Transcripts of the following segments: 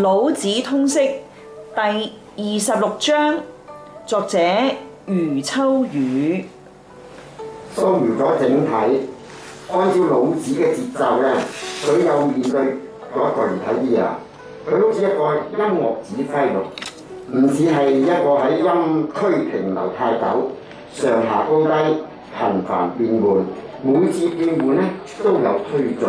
《老子通釋》第二十六章，作者余秋雨。梳完咗整體，按照老子嘅節奏咧，佢又面對咗一個疑題啊！佢好似一個音樂指揮樂，唔似係一個喺音區停留太久，上下高低頻繁變換，每次變換咧都有推進。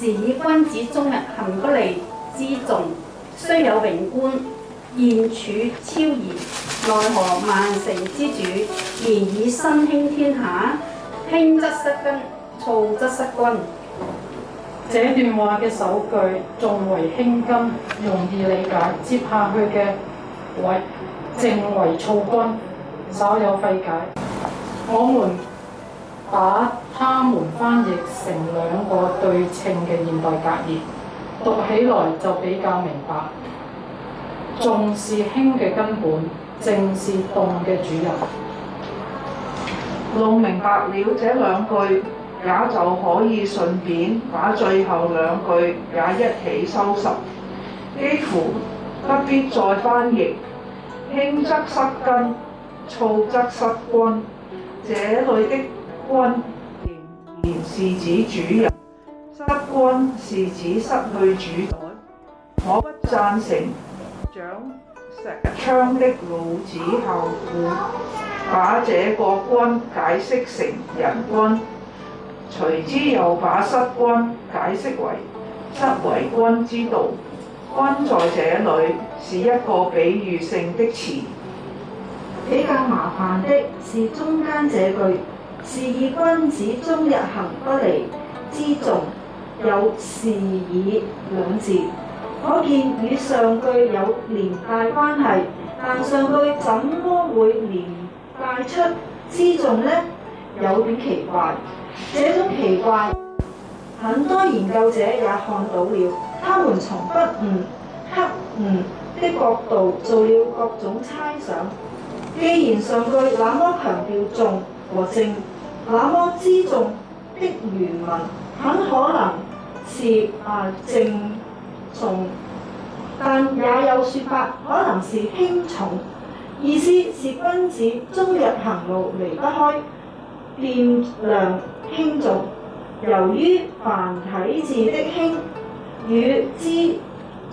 是以君子終日行不離輜重，雖有榮觀，現處超然。奈何萬乘之主，而以身輕天下？輕則失根，躁則失君。這段話嘅首句重為輕根，容易理解。接下去嘅為靜為躁君，稍有費解。我們。把他們翻譯成兩個對稱嘅現代格言，讀起來就比較明白。重是輕嘅根本，靜是動嘅主人。弄明白了這兩句，也就可以順便把最後兩句也一起收拾，幾乎不必再翻譯：輕則失根，躁則失君。這裏的君仍然是指主人，失君是指失去主宰。我不贊成蔣錫昌的老子校詁，把這個君解釋成人君，隨之又把失君解釋為失為君之道。君在這裡是一個比喻性的詞。比較麻煩的是中間這句。是以君子終日行不離輜重有是以兩字，可見與上句有連帶關係。但上句怎麼會連帶出輜重呢？有點奇怪。這種奇怪，很多研究者也看到了，他們從筆誤、刻誤的角度做了各種猜想。既然上句那麼強調重和靜，那麼輜重的原文很可能是啊正重，但也有說法可能是輕重，意思是君子終日行路離不開掂量輕重。由於繁體字的輕與輜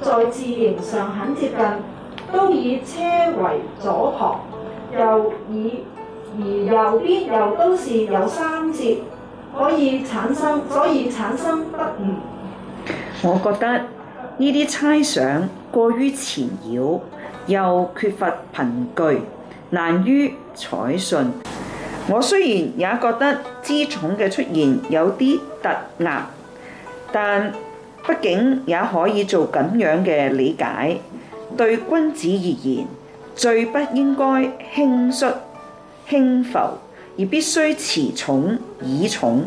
在字形上很接近，都以車為左旁，又以，而右邊又都是有三節，可以產生，所以產生不義。我覺得呢啲猜想過於纏繞，又缺乏憑據，難於採信。我雖然也覺得輜重嘅出現有啲突兀，但畢竟也可以做咁樣嘅理解。對君子而言，最不應該輕率。輕浮而必須持重，以重，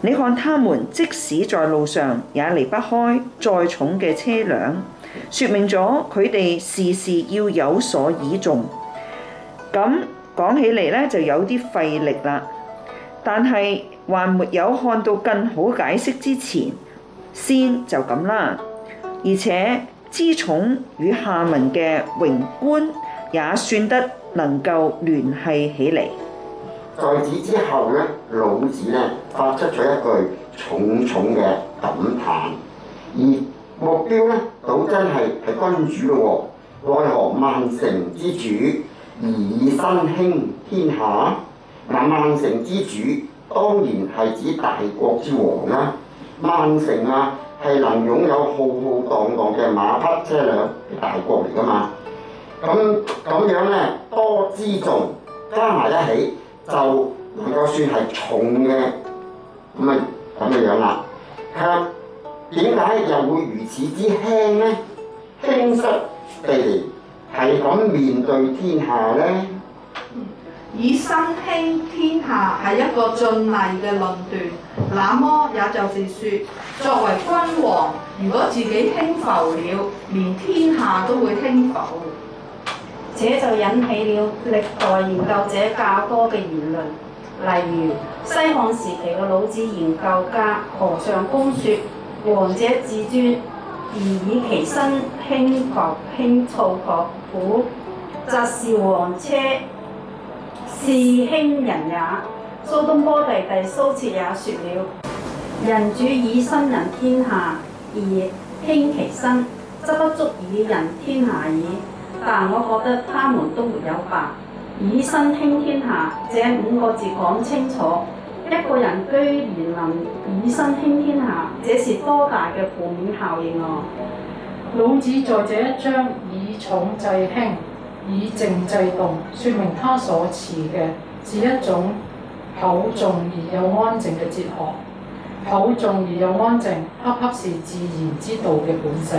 你看他們即使在路上也離不開載重嘅車輛，説明咗佢哋事事要有所倚重。咁講起嚟咧，就有啲費力啦，但係還沒有看到更好解釋之前，先就咁啦。而且知重與下文嘅榮觀也算得。能夠聯繫起嚟。在此之後咧，老子咧發出咗一句重重嘅感嘆，而目標呢，倒真係係君主咯，奈何萬城之主而以身輕天下？嗱，萬城之主當然係指大國之王啦、啊，萬城啊係能擁有浩浩蕩蕩嘅馬匹車輛嘅大國嚟㗎嘛。咁咁樣咧，多之重加埋一起，就能夠算係重嘅，咁啊咁樣啦。卻點解又會如此之輕呢？輕率地係咁面對天下咧？以身輕天下係一個峻厲嘅論斷，那麼也就是說，作為君王，如果自己輕浮了，連天下都會輕浮。且就引起了歷代研究者較多嘅言論，例如西漢時期嘅老子研究家河上公說，王者至尊，而以其身輕薄輕躁薄苦，則是王車是輕人也。蘇東坡弟弟蘇轍也說了：人主以身人天下，而輕其身，則不足以人天下矣。但我覺得他們都沒有把，以身輕天下，這五個字講清楚，一個人居然能以身輕天下，這是多大嘅負面效應哦、啊！老子在這一章以重制輕，以靜制動，說明他所持嘅是一種厚重而又安靜嘅哲學，厚重而又安靜，恰恰是自然之道嘅本性。